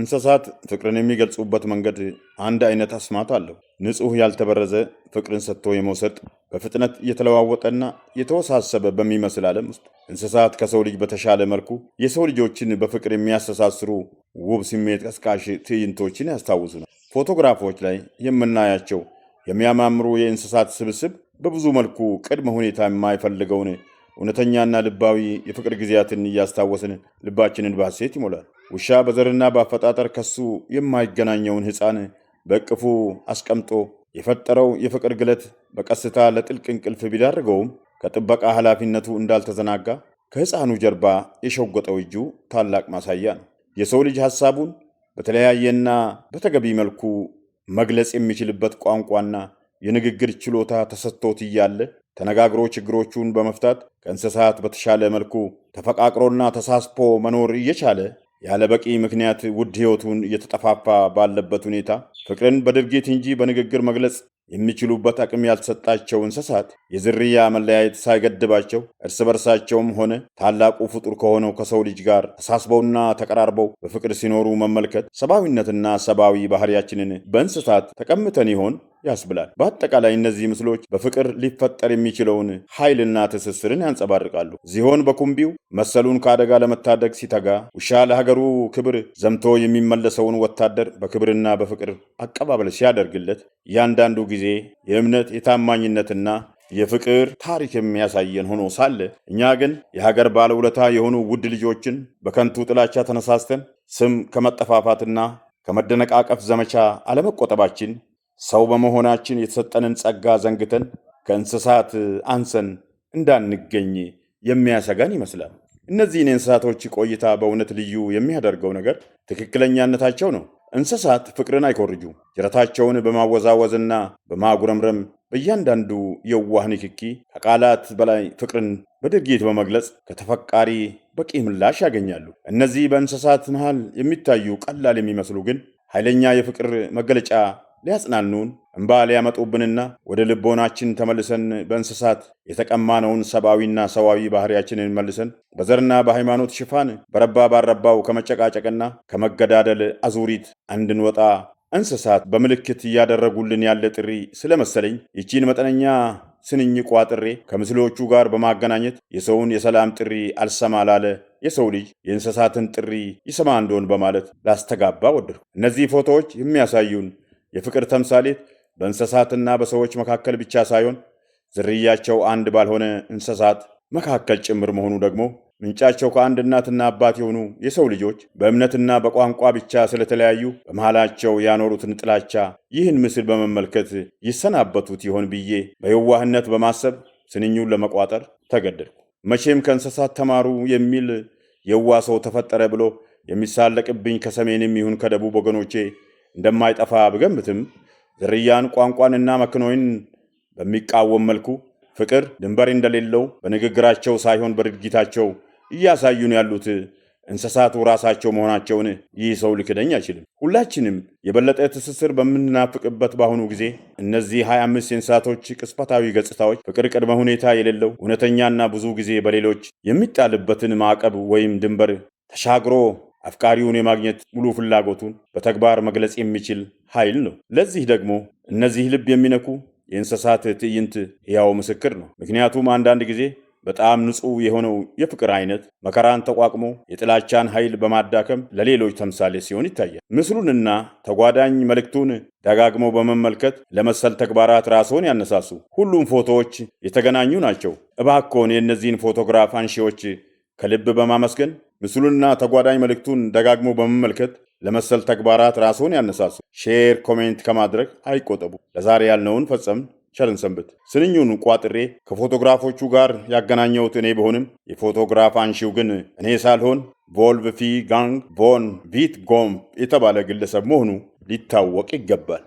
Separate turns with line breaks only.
እንስሳት ፍቅርን የሚገልጹበት መንገድ አንድ አይነት አስማት አለው። ንጹሕ ያልተበረዘ ፍቅርን ሰጥቶ የመውሰድ በፍጥነት እየተለዋወጠና የተወሳሰበ በሚመስል ዓለም ውስጥ እንስሳት ከሰው ልጅ በተሻለ መልኩ የሰው ልጆችን በፍቅር የሚያስተሳስሩ ውብ ስሜት ቀስቃሽ ትዕይንቶችን ያስታውሱናል። ፎቶግራፎች ላይ የምናያቸው የሚያማምሩ የእንስሳት ስብስብ በብዙ መልኩ ቅድመ ሁኔታ የማይፈልገውን እውነተኛና ልባዊ የፍቅር ጊዜያትን እያስታወስን ልባችንን ባሴት ይሞላል። ውሻ በዘርና በአፈጣጠር ከሱ የማይገናኘውን ሕፃን በእቅፉ አስቀምጦ የፈጠረው የፍቅር ግለት በቀስታ ለጥልቅ እንቅልፍ ቢዳርገውም ከጥበቃ ኃላፊነቱ እንዳልተዘናጋ ከሕፃኑ ጀርባ የሸወጠው እጁ ታላቅ ማሳያ ነው። የሰው ልጅ ሐሳቡን በተለያየና በተገቢ መልኩ መግለጽ የሚችልበት ቋንቋና የንግግር ችሎታ ተሰጥቶት እያለ ተነጋግሮ ችግሮቹን በመፍታት ከእንስሳት በተሻለ መልኩ ተፈቃቅሮና ተሳስፖ መኖር እየቻለ ያለ በቂ ምክንያት ውድ ሕይወቱን እየተጠፋፋ ባለበት ሁኔታ ፍቅርን በድርጊት እንጂ በንግግር መግለጽ የሚችሉበት አቅም ያልተሰጣቸው እንስሳት የዝርያ መለያየት ሳይገድባቸው እርስ በርሳቸውም ሆነ ታላቁ ፍጡር ከሆነው ከሰው ልጅ ጋር ተሳስበውና ተቀራርበው በፍቅር ሲኖሩ መመልከት ሰብአዊነትና ሰብአዊ ባህሪያችንን በእንስሳት ተቀምተን ይሆን? ያስብላል። በአጠቃላይ እነዚህ ምስሎች በፍቅር ሊፈጠር የሚችለውን ኃይልና ትስስርን ያንጸባርቃሉ። ዝሆን በኩምቢው መሰሉን ከአደጋ ለመታደግ ሲተጋ፣ ውሻ ለሀገሩ ክብር ዘምቶ የሚመለሰውን ወታደር በክብርና በፍቅር አቀባበል ሲያደርግለት፣ እያንዳንዱ ጊዜ የእምነት የታማኝነትና የፍቅር ታሪክ የሚያሳየን ሆኖ ሳለ እኛ ግን የሀገር ባለውለታ የሆኑ ውድ ልጆችን በከንቱ ጥላቻ ተነሳስተን ስም ከመጠፋፋትና ከመደነቃቀፍ ዘመቻ አለመቆጠባችን ሰው በመሆናችን የተሰጠንን ጸጋ ዘንግተን ከእንስሳት አንሰን እንዳንገኝ የሚያሰጋን ይመስላል። እነዚህን የእንስሳቶች ቆይታ በእውነት ልዩ የሚያደርገው ነገር ትክክለኛነታቸው ነው። እንስሳት ፍቅርን አይኮርጁም። ጅረታቸውን በማወዛወዝና በማጉረምረም በእያንዳንዱ የዋህ ንክኪ ከቃላት በላይ ፍቅርን በድርጊት በመግለጽ ከተፈቃሪ በቂ ምላሽ ያገኛሉ። እነዚህ በእንስሳት መሃል የሚታዩ ቀላል የሚመስሉ ግን ኃይለኛ የፍቅር መገለጫ ሊያጽናኑን እምባ ሊያመጡብንና ወደ ልቦናችን ተመልሰን በእንስሳት የተቀማነውን ሰብአዊና ሰዋዊ ባህሪያችንን መልሰን በዘርና በሃይማኖት ሽፋን በረባ ባረባው ከመጨቃጨቅና ከመገዳደል አዙሪት እንድንወጣ እንስሳት በምልክት እያደረጉልን ያለ ጥሪ ስለመሰለኝ ይቺን መጠነኛ ስንኝ ቋጥሬ ከምስሎቹ ጋር በማገናኘት የሰውን የሰላም ጥሪ አልሰማ ላለ የሰው ልጅ የእንስሳትን ጥሪ ይሰማ እንደሆን በማለት ላስተጋባ ወደድኩ። እነዚህ ፎቶዎች የሚያሳዩን የፍቅር ተምሳሌት በእንስሳትና በሰዎች መካከል ብቻ ሳይሆን ዝርያቸው አንድ ባልሆነ እንስሳት መካከል ጭምር መሆኑ ደግሞ ምንጫቸው ከአንድ እናትና አባት የሆኑ የሰው ልጆች በእምነትና በቋንቋ ብቻ ስለተለያዩ በመሃላቸው ያኖሩትን ጥላቻ ይህን ምስል በመመልከት ይሰናበቱት ይሆን ብዬ በየዋህነት በማሰብ ስንኙን ለመቋጠር ተገደድኩ። መቼም ከእንስሳት ተማሩ የሚል የዋ ሰው ተፈጠረ ብሎ የሚሳለቅብኝ ከሰሜንም ይሁን ከደቡብ ወገኖቼ እንደማይጠፋ ብገምትም ዝርያን፣ ቋንቋንና መክኖይን በሚቃወም መልኩ ፍቅር ድንበር እንደሌለው በንግግራቸው ሳይሆን በድርጊታቸው እያሳዩን ያሉት እንስሳቱ ራሳቸው መሆናቸውን ይህ ሰው ሊክደኝ አይችልም። ሁላችንም የበለጠ ትስስር በምንናፍቅበት በአሁኑ ጊዜ እነዚህ 25 የእንስሳቶች ቅጽበታዊ ገጽታዎች ፍቅር ቅድመ ሁኔታ የሌለው እውነተኛና ብዙ ጊዜ በሌሎች የሚጣልበትን ማዕቀብ ወይም ድንበር ተሻግሮ አፍቃሪውን የማግኘት ሙሉ ፍላጎቱን በተግባር መግለጽ የሚችል ኃይል ነው። ለዚህ ደግሞ እነዚህ ልብ የሚነኩ የእንስሳት ትዕይንት ሕያው ምስክር ነው። ምክንያቱም አንዳንድ ጊዜ በጣም ንጹሕ የሆነው የፍቅር አይነት መከራን ተቋቁሞ የጥላቻን ኃይል በማዳከም ለሌሎች ተምሳሌ ሲሆን ይታያል። ምስሉንና ተጓዳኝ መልእክቱን ደጋግመው በመመልከት ለመሰል ተግባራት ራስዎን ያነሳሱ። ሁሉም ፎቶዎች የተገናኙ ናቸው። እባክዎን የእነዚህን ፎቶግራፍ አንሺዎች ከልብ በማመስገን ምስሉንና ተጓዳኝ መልእክቱን ደጋግሞ በመመልከት ለመሰል ተግባራት ራስዎን ያነሳሱ። ሼር፣ ኮሜንት ከማድረግ አይቆጠቡ። ለዛሬ ያልነውን ፈጸም ቸርን ሰንብት። ስንኙን ቋጥሬ ከፎቶግራፎቹ ጋር ያገናኘሁት እኔ ብሆንም የፎቶግራፍ አንሺው ግን እኔ ሳልሆን ቮልቭ ፊ ጋንግ ቮን ቪት ጎምፕ የተባለ ግለሰብ መሆኑ ሊታወቅ ይገባል።